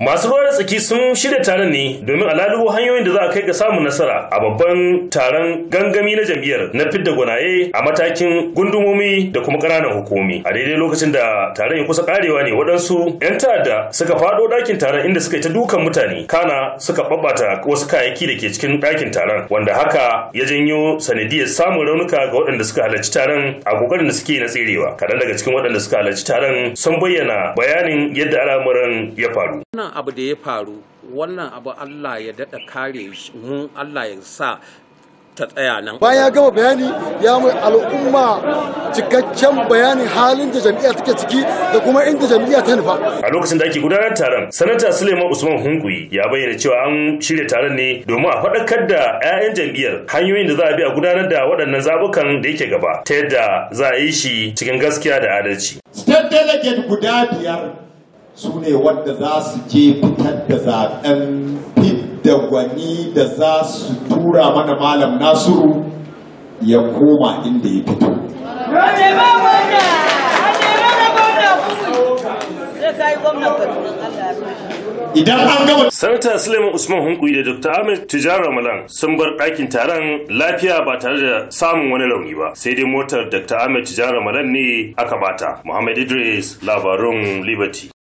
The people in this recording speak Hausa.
Masu ruwa da tsaki sun shirya taron ne domin alalubo hanyoyin da za a kai ga samun nasara a babban taron gangami na jam'iyyar na fidda gwanaye a matakin gundumomi da kuma ƙananan hukumi. A daidai lokacin da taron ya kusa karewa ne waɗansu 'yan ta'adda suka faɗo ɗakin taron inda suka yi ta dukan mutane kana suka ɓaɓɓata wasu kayayyaki da ke cikin ɗakin taron wanda haka ya janyo sanadiyar samun raunuka ga waɗanda suka halarci taron a ƙoƙarin da suke na tserewa. Kaɗan daga cikin waɗanda suka halarci taron sun bayyana bayanin yadda al'amuran ya faru. wannan abu da ya faru wannan abu allah ya daɗa kare mu allah ya sa ta tsaya nan. Bayan ya gama bayani ya mai al'umma cikakken bayanin halin da jam'iyya take ciki da kuma inda jam'iyya ta nufa. A lokacin da ake gudanar taron, Sanata Suleiman Usman Hunkuyi ya bayyana cewa an shirya taron ne domin a faɗakar da 'ya'yan jam'iyyar hanyoyin da za a bi a gudanar da waɗannan zabukan da yake gaba ta yadda za a yi shi cikin gaskiya da adalci. State delegate guda biyar su ne wadda za su je fitar da zaben da gwani da za su tura mana malam nasiru ya koma inda ya fito idan an suleiman usman hunkuyi da dr ahmed tijar ramalan sun bar ɗakin taron lafiya ba tare da samun wani launi ba sai dai motar dr ahmed tijar ramalan ne aka bata muhammad idris labarun liberty